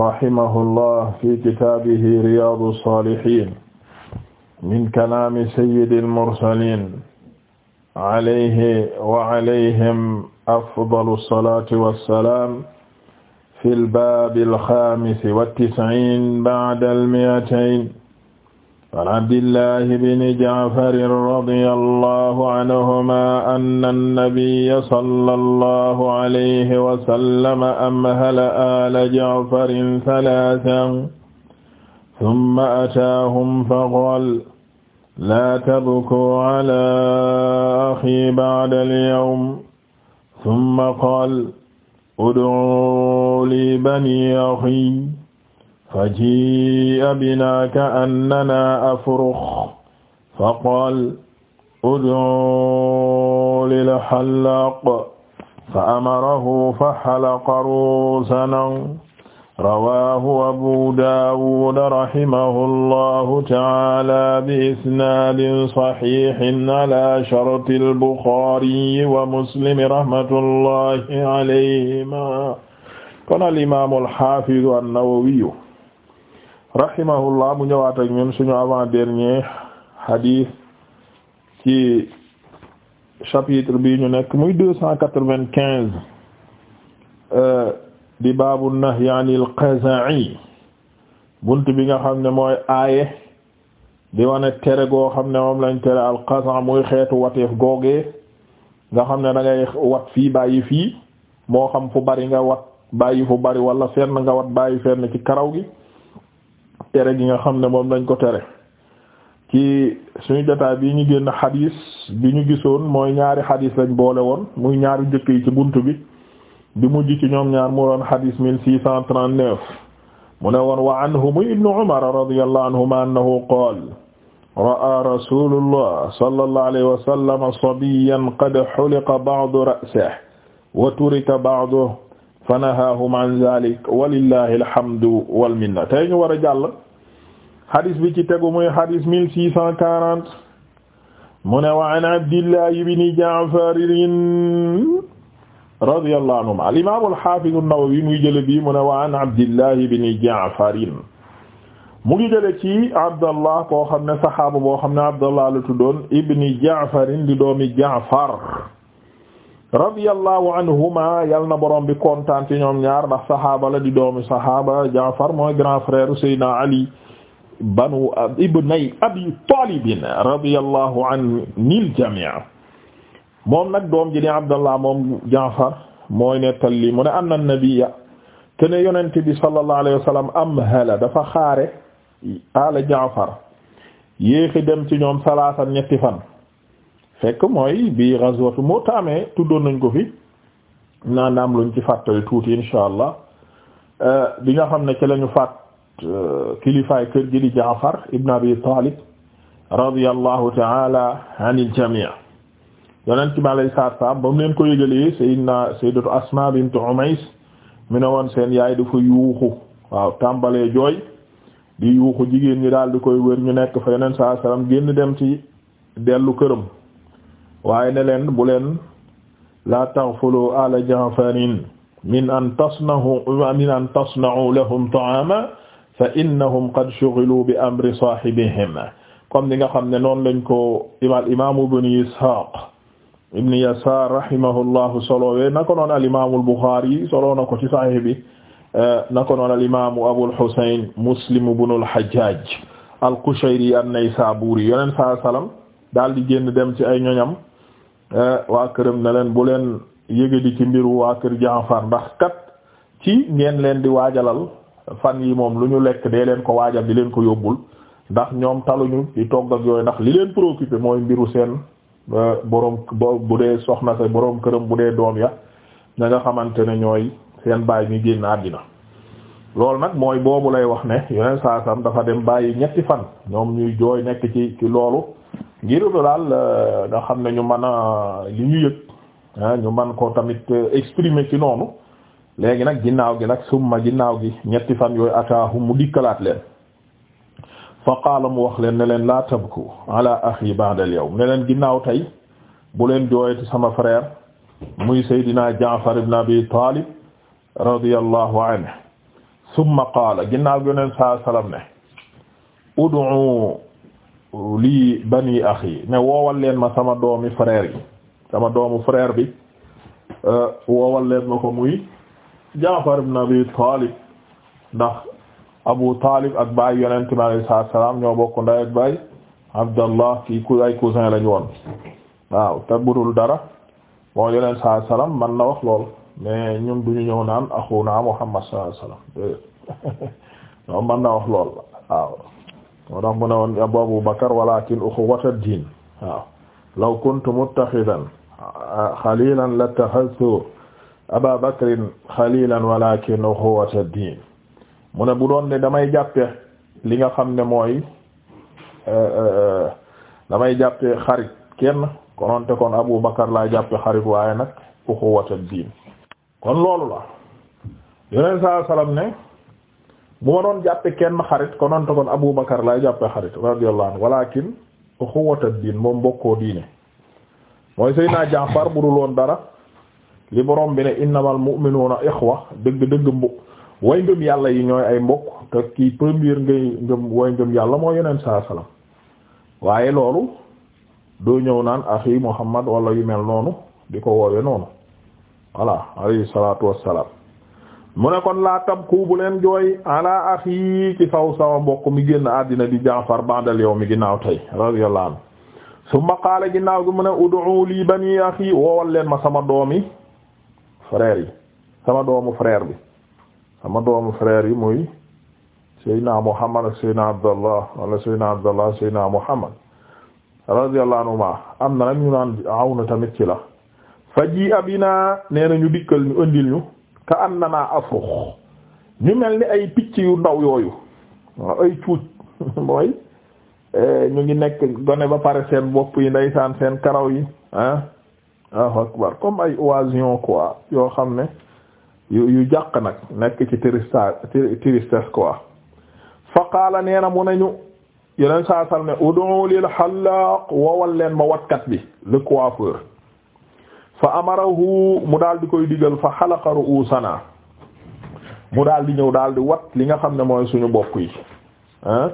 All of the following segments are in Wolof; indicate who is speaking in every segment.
Speaker 1: rahimahullah fi kitaabihi riyaadu saalihiin min kalaami sayyidil mursaliin alayhi wa alayhim afdalu salaati wa salaam fil baabil xaamis wa tis'iin ba'dal mi'atayn an abdillahi bni jaafarin radia allahu aanhuma anna annabiya sala allahu alayh wasallama amhala ala jaafarin talaatan summa ataahum faqaal laa tabkuu ala axi bacda alyawm summa qaal udcuu lii bani axi faji'a binaa ka'annanaa afrux faqaal ud'u lil xallaaq fa'amarahu faxalaqa ruusanaa rawaahu abu daawud rahimahullahu ta'aalaa bi-isnaadin saxiixin alaa shartil buxaari wa muslim rahmatullahi alayhimaa qaala al-imaamul xaafidu an-nawawiyu rahimahullah mu ñëwaat ak ñun suñu avant dernier hadith ci chapitre bi ñu nekk muy deux cent quatre-vingt-quinze euh, di baabu nahyi anil yi bunt bi nga xam ne mooy aaye wax wane tere goo xam ne moom lañ tere al qaza' muy xeetu wateef googee nga xam ne da ngay wat fii bàyyi fii moo xam fu bari nga wat bàyyi fu bari wala fenn nga wat bàyyi fenn ci karaw gi tere gi nga xam ne moom lañ ko tere ci suñu jotaay bii ñu génn xadis bi ñu gisoon mooy ñaari xadis lañ boole woon muy ñaari njëkk yi ci bunt bi bi mujj ci ñoom ñaar mu doon xadis mille six cent trente neuf mu ne woon wa anhu muy ibnu umar radiyallahu anhuma annahu qaal ra'a rasulullah sallallahu alayhi wa sallam sabiyan qad xuliqa ba'du ra'sihi wa turika ba'duhu fanahahum an zalik walillahi alhamdu wal minna tey ñu war a jàll hadis bi ci tegu muy hadis mille six cent quarante mu ne wa an abdillahi ibni ja'farin radiyallahu anhum al imam al hafiz an-nawawi muy jële bi mu ne wa an abdillahi ibni ja'farin mu ngi jële ci abdallah koo xam ne sahaaba boo xam ne abdallah la tuddoon ibni ja'farin di doomi ja'far radiyallahu anhuma yal na borom bi kontaan ci ñoom ñaar ndax saxaaba la di doomi saxaaba Jaafar mooy grand frère Seydina Ali banu ibnay Abi Taalibin radiyallahu anil jamii moom nag doom ji di Abdallah moom Jaafar mooy nettal li mu ne anna nabiyya kene yonent bi sallallahu alayhi wa sallam amhala dafa xaare ala Jaafar yéexi dem ci ñoom salaasan ñetti fan fekk mooy bi ghazwatu Mou'tah amee tuddoon nañ ko fi naan am luñ ci fàttali tuuti insha allah euh, bi nga xam ne ci lañu faat euh, kilifaay kër gi di Jaafar ibn Abi Talib radiyallahu ta'ala anil jami' yonent mi alayhi salaatu salaam ba mu leen ko yëgalee sayyidina sayyidatu Asma bint Umays mi ne woon seen yaay dafa yuuxu waaw tàmbalee jooy di yuuxu jigéen ñi daal di koy wër ñu nekk fa yonent salaatu salaam génn dem ci dellu këram waaye ne leen bu leen la taghfulu ala ja'farin min an tasnahu min an tasna'u lahum ta'ama fa innahum qad shughilu bi amri sahibihim comme ni nga xam ne noonu lañ ko imaam imaam ibn Ishaq ibn Yasaar rahimahullahu solowee na ko noon al imaamul Buxaari solo na ko ci Sahih bi eh, na ko noon al imaamu Abul Husayn Muslim ibn al-Hajjaj al-Qushayri an-Naysaburi yoneen saa salaam daal di génn dem ci ay ñoñam Eh, waa këram ne leen bu leen yëgadi ci mbiru waa kër Jaafar ndax kat ci ngeen leen di waajalal fan yi moom lu ñu lekk dee leen ko waajal di leen ko yóbbul ndax ñoom taluñu di togg ak yooyu ndax li leen préoccupé mooy mbiru seen eh, boroom bu dee soxna sa boroom këram bu dee doom ya ña nga xamante ne ñooy seen baay mi génn àddina loolu nag mooy boobu lay wax ne yeneen saa sam dafa dem bàyyi ñetti fan ñoom ñuy jooy nekk ci ci loolu ngir daal euh, nga xam ne ñu mën a li ñu yëg ah ñu mën ko tamit euh, exprimer ci noonu léegi nag ginnaaw gi nag summa ginnaaw gi ñetti fan yooyu ataahu mu dikkalaat leen fa qaala mu wax leen ne leen laa tabku ala axi ba'da al yawm ne leen ginnaaw tey bu leen jooyati sama frère muy Seydina Jaafar ibn Abi Talib radiyallahu anhu summa qaala ginnaaw gi yonent saa salaam ne ud'u lii bani axi ne woowal leen ma sama doomi frère yi sama doomu frère bi euh, woowal leen ma ko muy Jaafar ibn Abi Taalib ndax Abu Taalib ak baay yonent bi alayhi salaatu salaam ñoo bokk ndey ak baay Abdallah kii ku ay cousin lañu woon waaw te budul dara moo yonent saa salaam man na wax lool. mais ñun du ñu ñëw naan axuna Muhammad sallallahu alayhi wasallam ñoom mën na wax lool waaw moo tax mu ne woon Abu Bakar walakin uxuwata diin waaw law kuntu muttaxidan xalilan lattaxadtu Aba Bakrin xalilan walakin uxuwata diin mu ne bu doon ne damay jàppe li nga xam ne mooy eh, eh, eh, damay jàppe xarit kenn konoonte kon Abu Bakar laa jàppe xarit waaye nag uxuwata diin kon loolu la yeneen saa salaam ne bu ma doon jàppe kenn xarit konoon te kon Abu Bakar lay jàppe xarit radiyallahu anhu walakin uxuwata diin moom mbokkoo diine mooy Seydina Jaafar bu dul woon dara li borom bi ne innamal mu'minuuna ixwa dëgg dëgg mbu way ngëm yàlla yi ñooy ay mbokk te kii première ngay ngëm way ngëm yàlla mooy yeneen saa salaam waaye loolu doo ñëw naan axi Muhammad wala yu mel noonu di ko woowe noonu voilà alayhi salaatu wassalaam mu ne kon laa tabku bu leen jooy ala axi ci saw sawa mbokk mi génn àddina di Jaafar ba'dal yawmi ginnaaw tey radiyallahu anhu summa qaala ginnaaw gi mu ne ud'u lii bani axi woowal leen ma sama doomi frère yi sama doomu frère bi sama doomu frère yi muy Seydina Muhammad ak Seydina Abdallah wala Seydina Abdallah Seydina Muhammad radiyallahu anhuma am na nag ñu tamit ci la fa ji abina nee na ñu dikkal ñu andil ñu ka annana afrux ñu mel ni ay picc yu ndaw yooyu waaw ay cuuj mooy eh, ñu ngi nekk gone ba pare seen bopp yi ndeysaan seen karaw yi ah ah akbar comme ay oision quoi yoo xam ne yu yu jàq nag nekk ci tristesse tristesse quoi fa qaala nee na mu nañu yeneen saasal ne ud'u lil hallaq wowal leen ma watkat bi le coiffeur fa amarahu mu daal di koy digal fa xalaqa ru'usana mu daal di ñëw daal di wat li nga xam ne mooy suñu bopp yi ah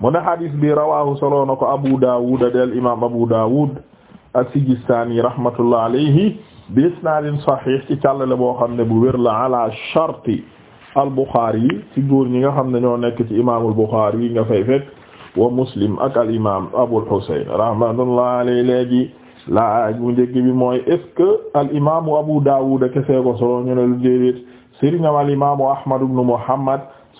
Speaker 1: mu ne hadis bi rawahu solo na ko Abu Dawud del imam Abu Dawud as-Sijistani rahmatullah alayhi bi isnaadin sahih ci càllale boo xam ne bu wér la ala sharti al-Bukhari yi ci góor ñi nga xam ne ñoo nekk ci imaamul Bukhari yi nga fay fekk wa Muslim ak al imam Abul rahmatullah alayhi léegi laaj bu njëkk bi mooy est-ce que al imaamu Abu Dawud kese ko solo ñu ne lu déedéet sëriñam al imaamu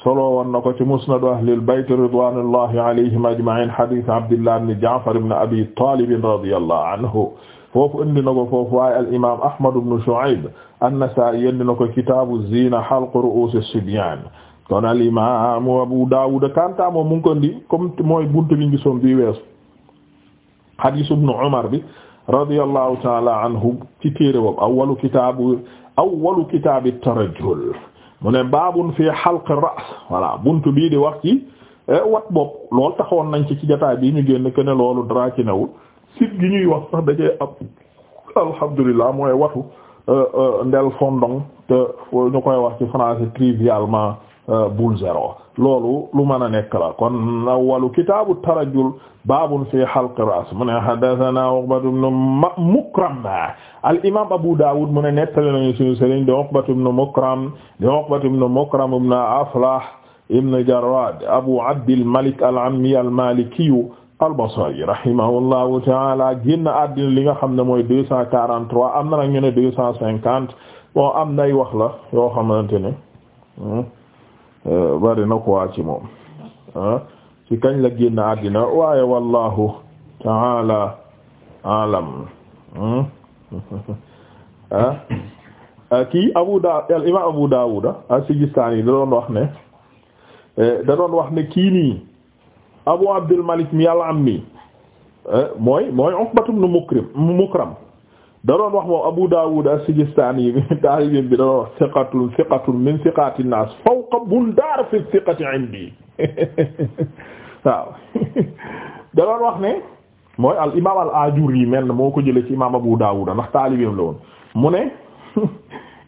Speaker 1: solo woon na ko ci musnadu ahlil bayt ridwanullahi alayhim al imaam Ahmad ibn Shu'ayb an-Nasa'i indi al imaamu Abu Dawud kanta moom mu ngi ko indi mooy buntu bi ngi bi weesu hadith ibn Umar bi radiyallahu taala anhu ci téere boobu awwalu kitaabu awwalu kitaabi tarajjul mu ne baabun fi halq ar-ra's voilà buntu bii di wax ci eh, wat bopp lool taxawoon nañ ci ci jotaay bii ñu génn que ne loolu dara ci newul sit gi ñuy wax sax dajee ab alhamdulilah mooy watu eh, eh, ndel fondong te ñu koy wax ci français trivialement Euh, bul zéro loolu lu mën a nekk la kon awwalu kitaabu tarajjul baabun fi halq ras mu ne haddathana Uqbatu ibn Mukram al imaam Abu Dawud mu ne nettali nañu sunu sëriñ di Uqbatu ibn Mukram di Uqbatu ibn Mukram ibn Aflah ibn Jarrad Abu Abdil Malik al-Ammi al-Maliki al-Basri rahimahullahu ta'ala génn àddina li nga xam ne mooy deux cent quarante trois am na nag ñu ne deux cent cinquante bon am nay wax la yoo xamante ne hmm, Euh, bari na quoi ci moom ah, ci kañ la génn àddina waaye wallahu ta'ala alam hmm? ah, ah, kii Abu Daawud al imaam Abu Daawud as-Sijistaani da wax ne eh, da wax ne kii nii Abu Abdul Malik mi yàlla am nii eh, mooy mooy Uqbatu ibn Mukrim Mukram da doon wax moom Abu Dawud as-Sijistani bi taalibeem bi da doon wax thiqatun thiqatun min thiqati an-nas fawqa Bundar fi thiqati indi waaw da wax ne mooy al imaam al Ajuri mel moo ko jëlee ci imaam Abu Dawud ndax taalibeem la mu ne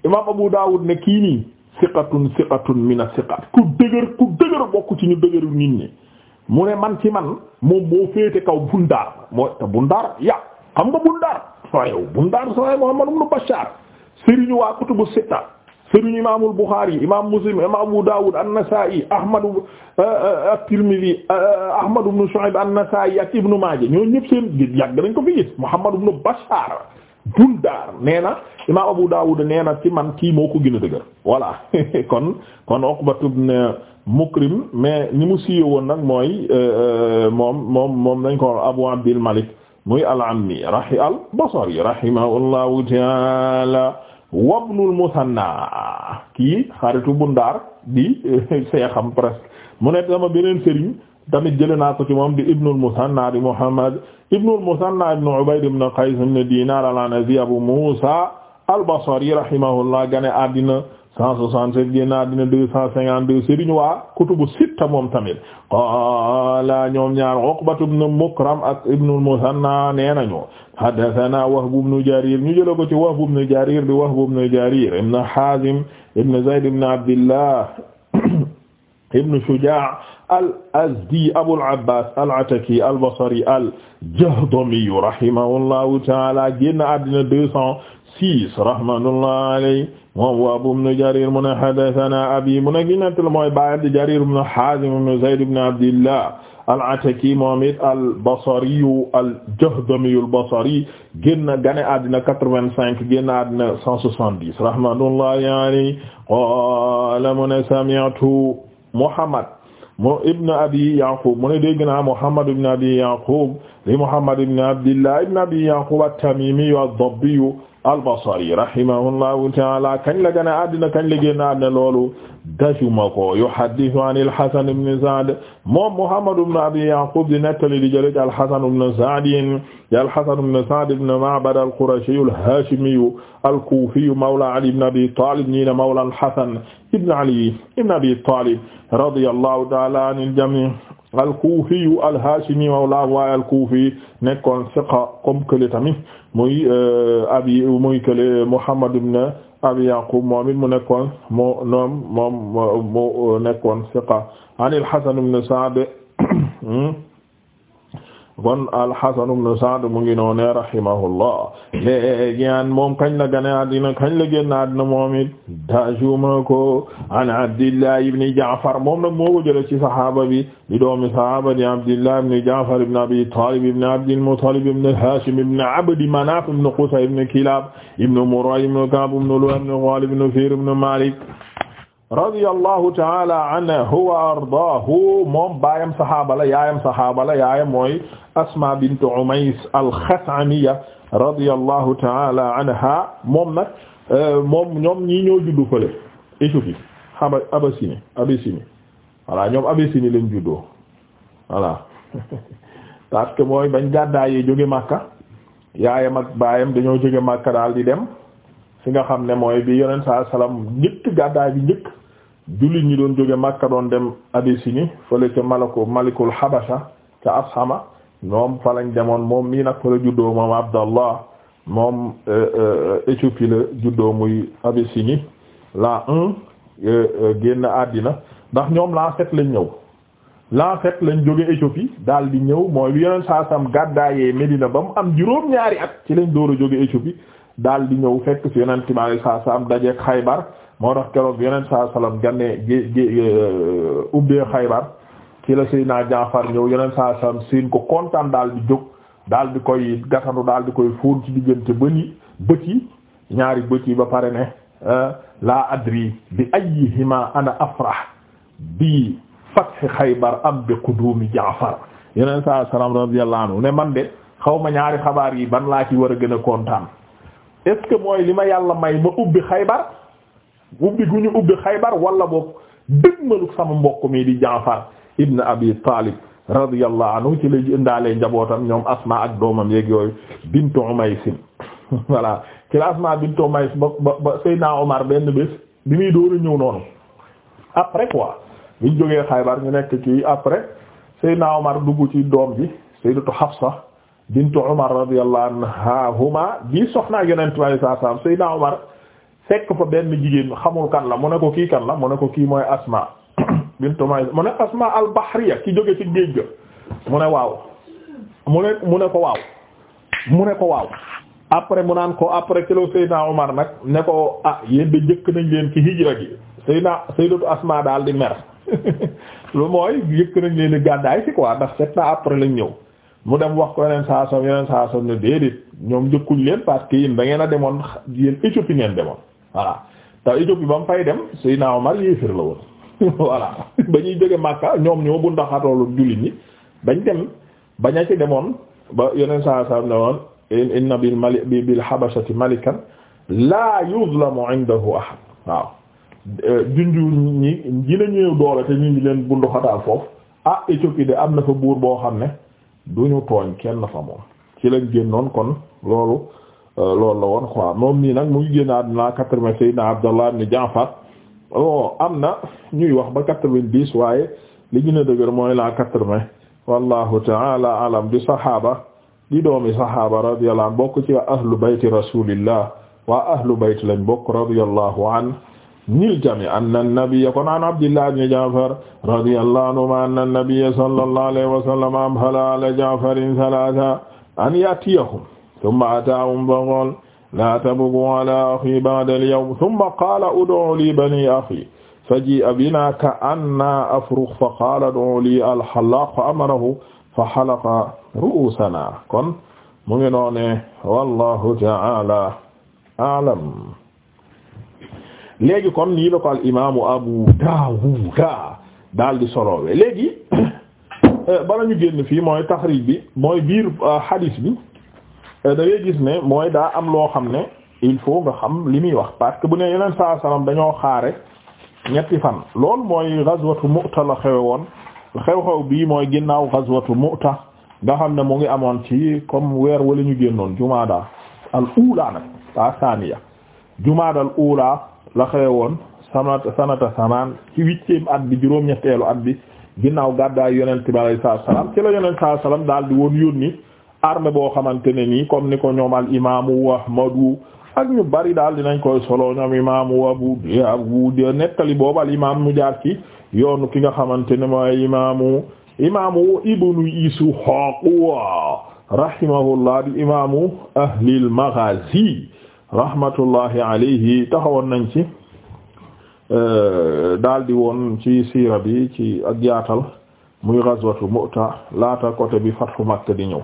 Speaker 1: imaam Abu Dawud ne kii nii thiqatun thiqatun min thiqat ku dëgër ku dëgër bokk ci ñu dëgëru nit mu ne man ci man moom moo féete kaw Bundar mooy te Bundar ya xam nga Bundar non yow Bundaar Salaay Muhammad ibn Bashar sëriñu waa kutubu sitta sëriñu imaamul Bukhari imaam Muslim imaam Abu Dawud an-Nasa'i Ahmad uh, uh, at-Tirmidhi uh, Ahmad ibn Shu'ayb an-Nasa'i ak Ibn Majah ñoo ñëpp seen yàgg nañ ko fi gis Muhammad ibn Bashar Bundar nee na imaam Abu Dawud nee ci man kii moo ko gën a dëgër voilà kon kon Uqbat Mukrim mais ni mu siiwee woon nag mooy moom moom moom nañ ko Abu Abdul Malik muy al-Ammi rahi al-Basri rahimahullahu ta'ala wa Ibnul Muthanna kii xaritu Bundaar di seexam presque mu nekk sama beneen sëriñ tamit jëlee naa ko ci moom di Ibnul Muthanna di Muhammad Ibnul Muthanna ibn Ubayd ibn Qays ibn Dinar al-Anazi Abu Musa al-Basri rahimahullah gane àddina 167 génnaat dina 252 sëriñ waa kutubu sitta moom tamit qaala ñoom ñaar Uqbatu ibn Mukram ak ibn al-Musanna nee nañu haddathana Wahb ibn Jarir ñu jël ko ci Wahb ibn Jarir di Wahb ibn Jarir ibn Hazim ibn Zayd ibn Abdillah ibn Shuja' al-Azdi Abul Abbas al-Ataki al-Basri al-Jahdami rahimahullahu ta'ala génn àddina 206 rahmatullahi alayhi moom Wahb ibn Jarir mu ne haddathana abi mu ne gi nettal mooy baayam di Jarir ibn Hazim ibn Zayd ibn Abdillah al-Ataki moom it al-Basri al-Jahdami al-Basri génn gane àddina quatre-vingt-cinq génn àddina cent soixante-dix rahmatullahi alayhi qaala mu ne sami'tu Muhammad mu ibn abi Yaqub mu ne dégg naa Muhammad ibn abi Yaqub li Muhammad ibn Abdillah ibn abi Yaqub at-Tamimi ad-Dabbi al-Basri rahimahullahu ta'ala kañ la gën a addina kañ la génn addina loolu dajuma ko yuhaddithu an al-Hasan ibn Sa'd moom Muhammad ibn Abi Ya'qub di nettali di jële ci al-Hasan ibn Sa'd ya al-Hasan ibn Sa'd ibn Ma'bad al-Qurashi al-Hashimi al-Kufi mawla Ali ibn Abi Talib ñi ne mawla al-Hasan ibn Ali ibn Abi Talib radiyallahu ta'ala anil jami' al-Kufi al-Hashimi mawla wa al-Kufi nekkoon siqa comme kële tamit muy euh, abi muy kële Muhammad ibn Abi Yaqub moom it mu nekkoon moo noom moom mu euh, nekkoon siqa an al-Hasan ibn Sa'd hmm? kon al-Hasan ibn Sa'd mu ngi noonu ne rahimahullah léegi an moom kañ la gane àddina kañ la génn àddina moom it dajuma ko an Abdillah ibn Ja'far moom nag moo ko jëlee ci saxaaba bi di doomi saxaaba di Abdillah ibn Ja'far ibn Abi Talib ibn Abdil Muttalib ibn Hashim ibn Abd Manaf ibn Qusay ibn Kilab ibn Murra ibn Ka'b ibn Lu'ay ibn Ghalib ibn Fihr ibn Malik radiyallahu taala anhu wa ardaahu moom baayam saxaaba la yaayam saxaaba la yaayam mooy Asmaa bint Umays al-Xasamiya radiyallahu taala anha moom nag euh, moom ñoom ñii ñoo juddu fële Éthiopie xaba Abyssinie Abyssinie voilà ñoom Abyssinie lañ juddoo voilà parce que mooy bañ gàddaay yi jóge Makka yaayam ak baayam dañoo jóge Makka daal di dem. fi nga xam ne mooy bi yonent saa salaam njëkk gàddaay bi njëkk jullit ñi doon jóge màkk doon dem Abisini fële ca Malako Malikul Habasha ca Ashama ñoom fa lañ demoon moom mii nag fa la juddoo moom Abdallah moom euh, euh, Éthiopie la juddoo muy Abisini la un euh, génn àddina ndax ñoom la sept lañ ñëw la sept lañ jóge Éthiopie daal di ñëw mooy bi yonent saa salaam gàddaayee Medina ba mu am juróom-ñaari at ci lañ door a jóge Éthiopie. daal di ñëw fekk fi yonent bi alayhi salaam dajeek xaybar moo tax keroog yeneen saa salaam gannee gi gi euh, ubbee xaybar ci la Seydina Jaafar ñëw yonent saa salaam seen ko kontaan daal di jóg daal di koy gatandu daal di koy fóon ci diggante bëni bët yi ñaari bët yi ba pare ne euh, laa adri bi ayyihima ana afrah bi fathi xaybar am bi qudumi Jaafar yonent saa salaam radiyallahu anhu ne man de xaw ma ñaari xabaar yi ban laa ci war a gën a kontaan est mooy li ma yàlla may ma ubbi xaybar ubbi gu ñu ubbi xaybar wala boog dëgmaluk sama mbokk mii di Jaafar ibn Abi Talib radiyallahu anhu ci lay indaalee njabootam ñoom Asma ak doomam yeeg yooyu bintu Umays voilà ci la Asma bintu Umays ba ba ba Omar benn bés bi muy a ñëw noonu après quoi biñ jógee xaybar ñu nekk ci après Seydina Omar dugg ci doom ji Sayyidatu Hafsa bintu Umar radiyallahu anhuma di soxnaa yonent bi sallallahu alayhi wasallam Seydina Umar fekk fa benn jigéen xamul kan la mu ne ko kii kan la mu ne ko kii mooy Asma bintu Umays mu ne Asma al-Bahriya ki jóge ci géej ga mu ne waaw mu ne mu ne ko waaw mu ne ko waaw après mu naan ko après kilo Seydina Umar nag ne ko ah yéen de jëkk nañ leen ki hijra gi Seydina Sayyidatu Asma daal di mer lu mooy jëkk nañ leen di gàddaay ci quoi ndax sept après lañ ñëw mu dem wax ko yeneen saa soxna yeneen saa soxna déedéet ñoom njëkkuñ leen parce que yéen ngeen a demoon yéen Éthiopie ngeen demoon voilà te Éthiopie ba mu fay dem Seydina Omar yéefir la woon voilà ba ñuy jóge Makka ñoom ñoo bu ndaxatoolu jullit ñi bañ dem bañ a ci demoon ba yeneen saa soxna woon inna bil mali bil habashati malikan la yuzlamu indahu ahad waaw junju ñi dina ñëw doole te ñu ngi leen bunduxataal foofu ah Éthiopie de am na fa buur boo xam ne. du duñu tooñ kenn fa moom ci lañ génnoon kon loolu euh, loolu la woon a moom nii nag mu ngi génn àdduna quatre-vingt Seydina Abdallah Jaafar o oh, am na ñuy wax ba quatre vingt waaye li gën a dëgër mooy la quatre-vingt wallahu ta'ala alam di sahaaba di doomi sahaaba radiyallahu an bokk ci waa ahlu bayti rasulillah waa ahlu bayti lañ bokk radiyallahu an nil jami anna nabiyya kon an Abdillah ibn Ja'far radiyallahu anhuma anna nabiyya sallallahu alayhi wa sallam amhala ala Ja'farin thalatha an ya'tiyahum thumma atahum faqala la tabghu ala akhi ba'da al-yawm thumma qala ud'u li bani akhi faji'a bina ka'anna afrugh faqala ud'u li al-hallaq fa amarahu fa halaqa ru'usana kon mu ngi noone wallahu ta'ala a'lam léegi kon nii la ko al imaamu Abu Daawud daal di solowee léegi euh, bala ñu génn fii mooy taxrij bi mooy biir hadis euh, bi euh, da ngay gis ne mooy daa am loo xam ne il faut nga xam li muy wax parce que bu ne yeneen saa salaam dañoo xaare ñetti fan loolu mooy ghazwatu Mu'ta la xewe woon xew-xew bii mooy ginnaaw ghazwatu Mu'ta nga xam ne mu ngi amoon ci comme weer wala ñu génnoon jumaada al ula nag ta saaniya jumaada al ula la xewe woon sanata sanata samaan ci huitième at bi juróom-ñetteelu at bi ginnaaw gàddaay yonent bi alayhi salaam ci la yonent salaam daal di woon yónni armée boo xamante ne comme ni ko ñoom al imaamu Ahmadu ak ñu bari daal dinañ koy solo ñoom imaamu Abu Daawud nettali boobu al mu jaar ci yoonu ki nga xamante ne mooy imaamu imaamu Ibnu Ishaaq rahimahullah di imaamu ahlil maghazi rahmatullahi alayhi taxawoon nañ ci euh, daldi woon ci siira bi ci ak yaatal muy ghazwatu Mu'ta laata côté bi fathu Makka di ñëw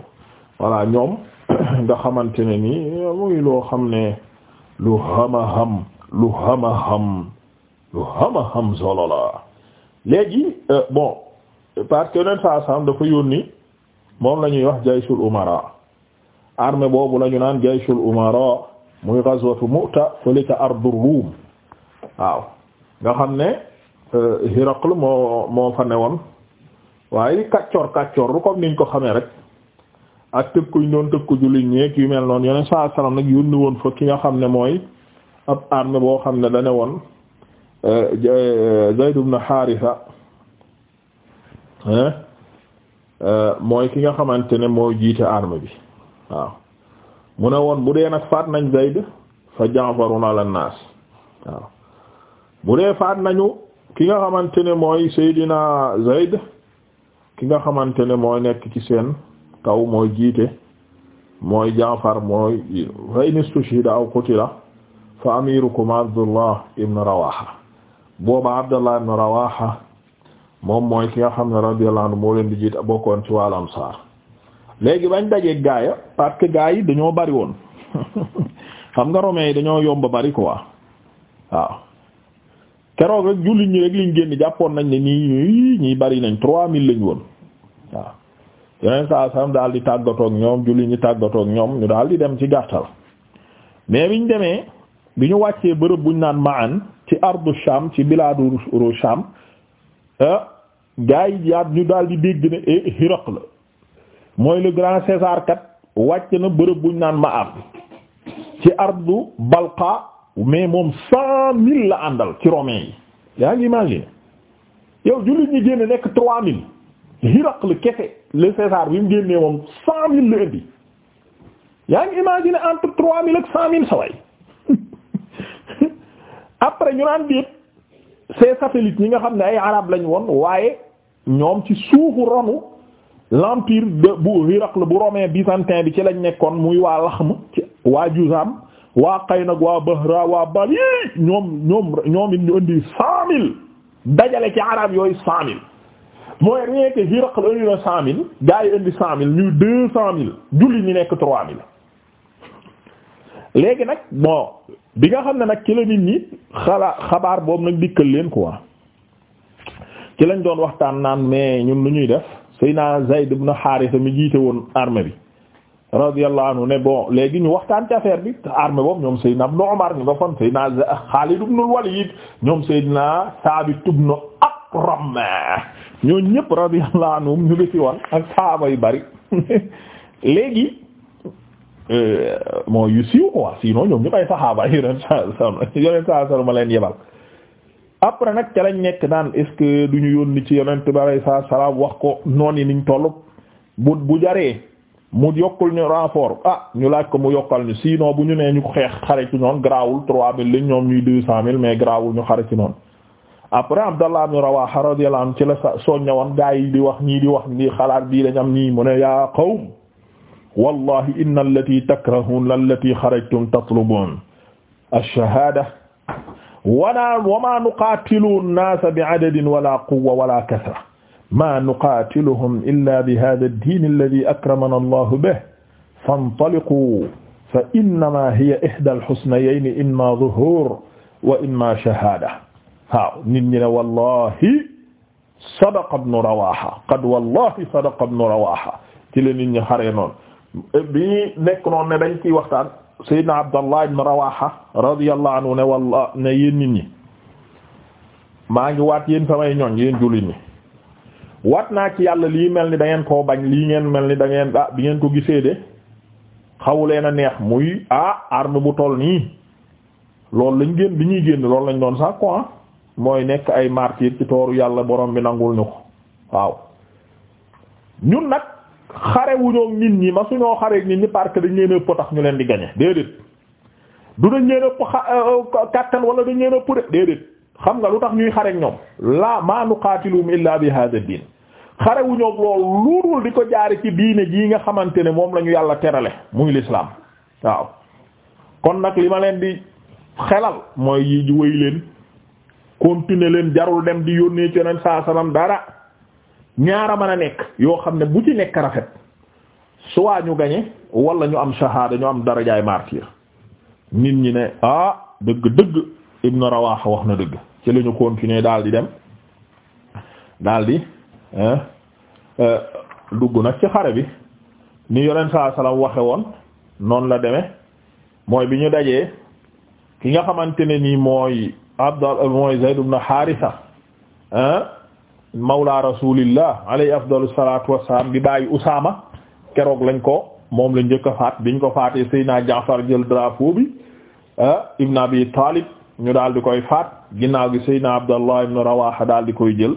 Speaker 1: voilà ñoom nga xamante ne ni muy loo xam ne lu hamaham lu hamaham lu hamaham solo la léegi euh, bon parce que yoneen saa sam dafa moom la ñuy wax jayshul umara armée boobu la ñu naan jayshul umara muy ghazwatu Mu'ta fële ca ardu Ruum waaw nga xam ne euh, Hiraql moo moo fa newoon waaye li kàccoor kàccoor lu niñ ko xamee rek ak tëkkuñ doon tëkku jullit ñeek yu mel noon yeneen saa salaam nag yónni woon fa ki nga xam ne mooy ab armée boo xam ne da ne woon euh, euh, Zayd ibn Haarisa mooy ki nga xamante ne moo jiite armée bi waaw mu ne woon bu dee nag faat nañ Zayd fa Ja'farun ala naas waaw bu dee faat nañu ki nga xamante ne mooy Seydina Zayd ki nga xamante ne mooy nekk ci seen taw mooy jiite mooy Ja'far mooy fa in istushhida aw qutila fa amirukum Abdullah ibn Rawaha booba Abdullah ibn Rawaha moom mooy ki nga xam ne radiyallahu anhu moo leen di jiite bokkoon ci wàllu Ansaar léegi bañ dajeeg gaaya parce que gaa yi dañoo bari woon xam nga romains yi dañoo yomba bari quoi waaw keroog rek jullit ñi rek liñ génn jàppoon nañ ne nii ñii bari nañ trois mille lañ woon waaw yeneen saa sam daal di tàggatoog ñoom jullit ñi tàggatoog ñoom ñu daal di dem ci gàttal mais biñ demee bi ñu wàccee bërëb buñ naan maan ci ardu sham ci bilaadu sham eh, gaa yi jaat ñu daal di dégg ne eh, Hiraqla mooy le grand César kat wàcc na bërëb buñ naan ma am ci ardu balqa mais moom cent mille la àndal ci romain yi yaa ngi imaginer yow jullit ñi génne nekk trois mille Hiraql kese le César bi mu génnee moom cent mille la indi yaa ngi imaginer entre trois mille ak cent mille saway après ñu naan déet ces satellites ñi nga xam ne ay arab lañ woon waaye ñoom ci suufu ronu l'empire de bu Hiraql bu romain byzantin bi ci lañ nekkoon muy waa Laxm ci waa Juzam waa Qaynaq waa Bahra waa Bali ñoom ñoom ñoom it ñu indi cent mille dajale ci arab yooyu cent mille mooy rien que Hiraql indi cent mille gars yi indi cent mille ñuy deux cent mille julli ñu nekk trois mille léegi nag bon bi nga xam ne nag ci la nit ñi xala xabaar boobu nag dikkal leen quoi ci lañ doon waxtaan naan mais ñun lu ñuy def Seydina Zayd ibn Haarisa mi jiite woon armée bi radiyallahu ne bon léegi ñu waxtaan ci bi armée boobu ñoom Seydina Ibn Umar ñu nga fon Seydina Xaalid ibn Walid ñoom Seydina Saabit ibn Aqram ñoo ñëpp radiyallahu anhum ñu ngi ci woon ak saaba yu bari léegi euh, moo yu siiw quoi sinon ñoom ñëpp ay saxaaba yeneen saa saa ma leen yebal après nag ca lañ nekk daan est ce que du ñu yónni ci yonent bi alayhi salaam wax ko noon yi niñ toll bu bu jaree mu yokkul ñu renfort ah ñu laaj ko mu yokkal ñu sinon bu ñu nee ñu xeex xare ci noonu garaawul trois mille lañ ñoom ñuy deux cent mille mais garaawul ñu xare ci noonu après Abdallah ibn Rawaha radiyallahu anhu ci la soññawoon gaa yi di wax ñii di wax ñii xalaat bii dañ am ñii mu ne yaa qawm wallahi inna allati takrahun allati xarajtum tatlubun ash-shahada wala wa ma nuqaatilu an-naasa bi'adadin wala quwwa wala kasra ma nuqaatiluhum illa bi haadha ad-diin alladhi akramana Allahu bihi fantaliqu fa innama hiya ihdaa al-husnayayni imma dhuhuur wa imma shahaada waaw nit ñi ne wallahi sadaqa ibnu Rawaaha qad wallahi sadaqa ibnu Rawaaha ci la nit ñi xaree noonu bi nekk noonu ne dañ ciy waxtaan Seydina Abdallah ibn Rawaha radiyallahu anhu ne walla ne yéen nit ñi maa ngi waat yéen samay ñoñ yéen jullit ñi waat naa ci yàlla lii mel ni da ngeen koo bañ lii ngeen mel ni da ngeen ah bi ngeen ko gisee de leen a neex muy ah arme bu toll nii loolu lañ génn bi ñuy génn loolu lañ doon sax ah. quoi mooy nekk ay martyr ci tooru yàlla borom bi nangul ñu ko waaw ñun nag. xare wu nit ñi ma suñoo xareek nit ñi parce que dañ leen ëpp tax ñu leen di gañe déedéet du dañ leen ëpp xa euh, euh, kàttan wala dañ leen ëpp de déedéet xam nga lu tax ñuy xareek ñoom la ma nuqatiluhum illa bi hadha ad-din xare wu ñoom di ko jaari ci diine jii nga xamante ne moom la ñu yàlla terale muy l'islam waaw kon nag li ma leen di xelal mooy yi wéy leen continuer leen jarul dem di yónnee ci saa sanam dara ñaara mën a nekk yoo xam ne bu ci nekk rafet soit ñu gañe wala ñu am shahada ñu am darajaay martyr nit ñi ne ah dëgg dëgg Ibn Rawaha wax na dëgg ci lañu continuer daal di dem daal di euh, dugg nag ci xare bi ni yonent saa salaam waxe woon noonu la deme mooy bi ñu dajee ki nga xamante ne nii mooy Abdal mooy Zayd ibn Haritha mawla rasulillah alayhi afdalu salatu wassalam bi bàyyi Usaama keroog lañ ko moom la njëkk a faat biñ ko faatee Seydina Jaafar jël drapeau bi ah, ibn Abi Talib ñu daal di koy faat ginnaaw gi Seydina Abdallah ibn Rawaha daal di koy jël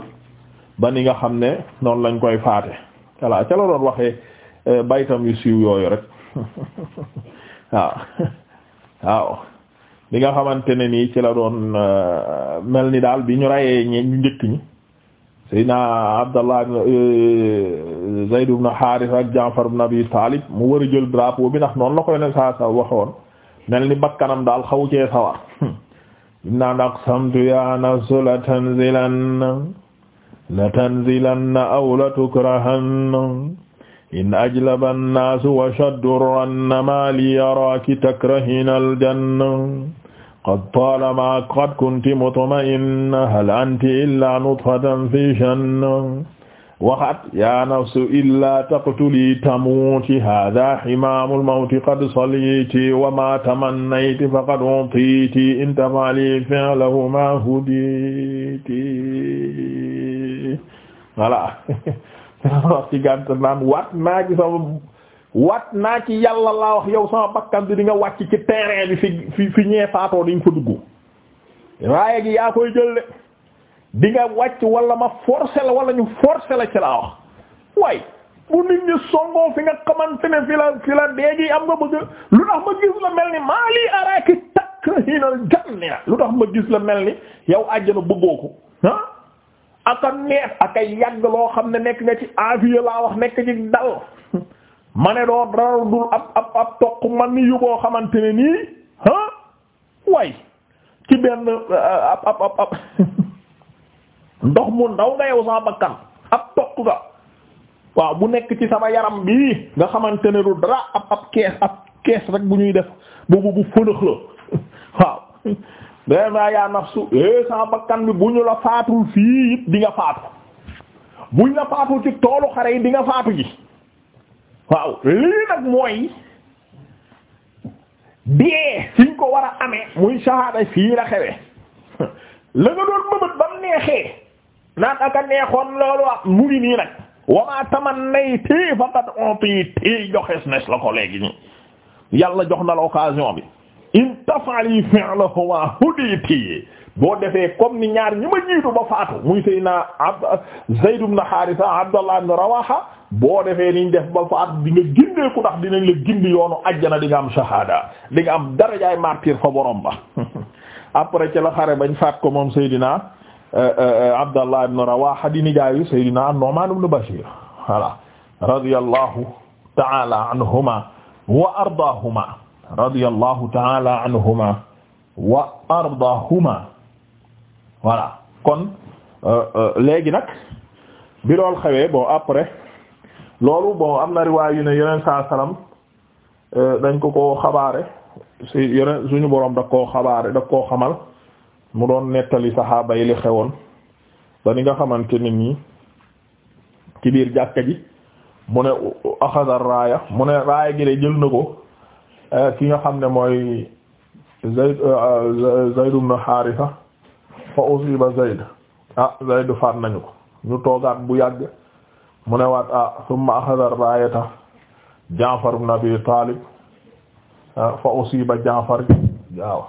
Speaker 1: ba ni nga xam ne noonu lañ koy faate voilà ca la doon waxee eh, baytam yu siiw yooyu rek waaw waaw nga xamante ne nii ci la doon eh, mel ni daal bi ñu rayee ñu njëkk ñi Seydina Abdallah euh, Zayd ibn Haaris ak Jaafar ibn Abi Taalib mu war a jël drapeau bi ndax noonu la koy ne saa sa waxoon mel ni bakkanam daal xawu cee sawar naan aqsamtu yaa nafsu la tanzilanna la tanzilanna aw la tukrahanna in ajlaba an-naasu wa shaddu ranna maa li yaraaki takrahina al-janna qad talama qad kunti mutma'inna hal anti illa nutfatan fi shann waxat ya nafsu illa taqtuli tamuti hadha himamul mawti qad saliti wa ma tamannayti faqad utiti in taf'ali fi'lahu ma huditi voilà wax ci gàtt naan waat naa ci sama wat naa ci yàlla laa wax yow sama bakkan bi di nga wàcc ci terrain bi fi fi fi ñee faatoo di nga fa dugg waaye gi yaa koy jël de di wàcc wala ma forcer la wala ñu forcer la ci laa wax waaye bu nit ñi songoo fi nga xamante ne fi la fi la déegi am nga bëgg lu tax ma gis la mel ni maa lii araaki takrahinal janna lu tax ma gis la mel ni yow àjjana bëggoo ko ah aka neex aka yàgg loo xam ne nekk nga ci avion laa wax nekk ci dal ma ne doo dara dul ab ab ab toq man ni yu boo xamante ne nii ah way ci benn euh, ab ab ab ndox mu ndaw nga yow sama bakkan ab toq nga waaw bu nekk ci sama yaram bii nga xamante ne du dara ab ab kees ab kees rek bu ñuy def bu bu bu fënëx la waaw vraiment yaa nafsu eh sama bakkan bi bu ñu la faatul fii it faatu buñ la faatul ci toolu xare yi di faatu ji. waaw lii nag mooy biyee fiñ ko war a ame muy sahaada fii la la nga doon mëbët bam neexee naan aka neexoon loolu wax ah, mu ngi nii nag wamaa tamannayti faqad u'titi joxees nes la ko léegi nii yàlla jox na la occasion bi in taf'ali fi'lahu wa huditi boo defee kom ni ñaar ñi ma jiitu ba faatu muy Seydina Zayd ibn Haarisa Abdallah ibn Rawaha boo defee niñ def ba faat di nga gindeeku ndax dinañ la gindi yoonu ajjana di nga am shahada di nga darajaay martyr fa borom ba après ci la xare faat ko moom Seydina euh, euh, euh, Abdallah ibn Rawaha di nijaayu Seydina Nu'man ibn Bashir voilà radiyallahu ta'ala anhuma wa ardaahuma radiyallahu kon léegi nag bi lool après loolu bon am na riwaay yu ne yeneen saa salaam euh, dañ ko koo xabaare si yeneen suñu boroom da koo xabaare da koo xamal mu doon nettali saxaaba yi li xewoon ba ni nga xamante ne nii ci biir jàkka ji mu ne axadar raaya mu ne raaya gi de jël na ko euh, ki nga xam ne mooy Zayd euh, na xaari Haarisa fa usiba Zayd ah Zayd faat nañu ko ñu toogaat bu yàgg. mu ne waat ah summa axada raayata Jaafar ibn Abi Taalib ah, fa usiba Jaafar waaw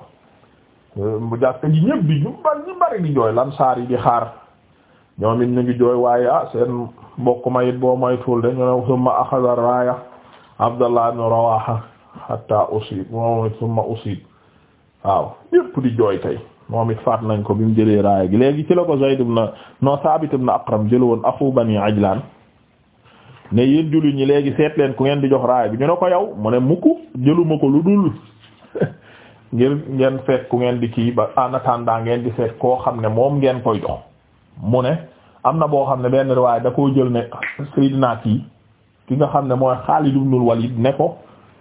Speaker 1: mu ñu bari di jooy lan saar yi di xaar ñoom ñu ngi jooy waaye ah seen mbokk ma it boo moytuwul de ñu ne summa axada raaya Abdallah ibn Rawaaha hatta usib moom it summa usib waaw di jooy tey moom it faat nañ ko bi mu jëlee raaya gi léegi ci la ko Zayd ibn no Saabit ibn Aqram jël woon axu Bani Ajlaan ne yéen jullit ñi léegi seet leen ku ngeen di jox raay bi ñu ne ko yow mu ne mukk jëluma ko lu dul ngir ngeen seet ku ngeen di kii ba en attendant ngeen di seet koo xam ne moom ngeen koy jox mu ne am na boo xam ne benn riwaay da koo jël ne Seydina kii ki nga xam ne mooy Xaalid ibnul Walid ne ko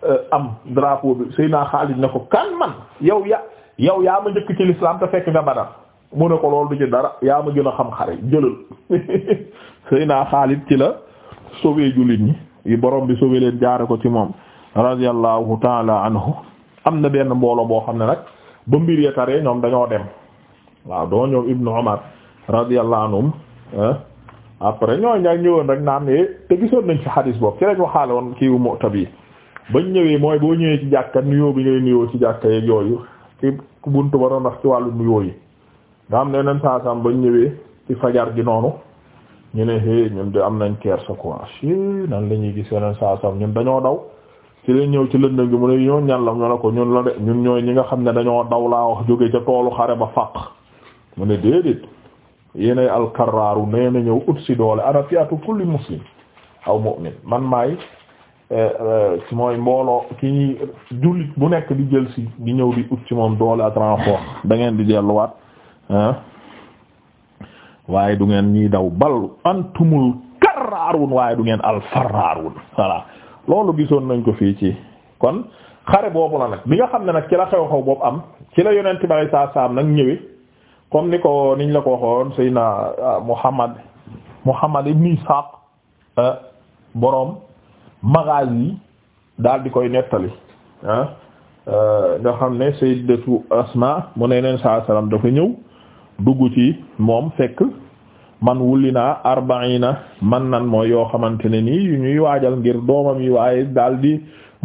Speaker 1: euh, am drapeau bi Seydina Xaalid ne ko kan man yow ya yow yaa ma njëkk ci l'islam te fekk nga Badar mu ne ko loolu du ci dara yaa ma gën a xam xare jëlal Seydina Xaalid sauver jullit ñi borom bi sauver leen jaare ko ci moom radiyallahu taala anhu am na benn mbooloo boo xam ne nag ba mbir ya taree ñoom dañoo dem waaw doo ñoom ibnu Umar radiyallahu anhum eh? après ñooy ñaag ñëwoon rek naan ne eh, te gisoon nañ ci xadis boobu ci lañ waxaale woon kiiwu Mu'ta bi bañ ñëwee mooy boo ñëwee ci jàkka nuyoo bi ngay nuyoo ci jàkka yeeg yooyu ci buntu ba doon wax ci wàllu nuyoo yi nga xam ne yeneen saa sam bañ ñëwee ci fajar gi noonu ñu ne hé ñun de am nañ kersa quoi si nan la ñuy gis yeneen saa sam ñun dañoo daw ci leen ñëw ci lëndëm gi mu ne ñoo ñan la ñu ne ko ñun la de ñun ñooy ñi nga xam ne dañoo daw laa wax jóge ca toolu xare ba fàq mu ne déedéet yéenay alkaraaru nee na ñëw ut si doole ana fiatu kulli muslim aw mu'min man maay ci eh, eh, mooy mbooloo ki ñuy jullit bu nekk di jël si di ñëw di ut ci moom doole ak renfort da ngeen di delluwaat ah waaye du ngeen ñiy daw bal antumul karraarun waaye du ngeen alfarraarun voilà loolu gisoon nañ ko fii ci kon xare boobu la nag bi nga xam ne nag ci la xew xew boobu am ci la yonent bi saa saam nag ñëwee comme ni ko niñ la ko waxoon Seydina ah, Muhammad Muhammad ibn Ishaq ah, boroom magazi daal di koy nettali ah, nga xam ne Sayyidatu Asma mu ne neen saa salaam dafa ñëw dugg ci moom fekk man wulli naa arbaina man nan mooy yoo xamante ne nii yu ñuy waajal ngir doomam yi waaye daal di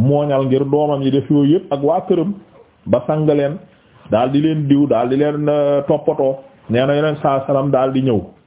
Speaker 1: mooñal ngir doomam yi def yooyu yëpp ak waa këram ba sang leen daal di leen diw daal di leen euh, toppatoo nee na yeneen saa daal di ñëw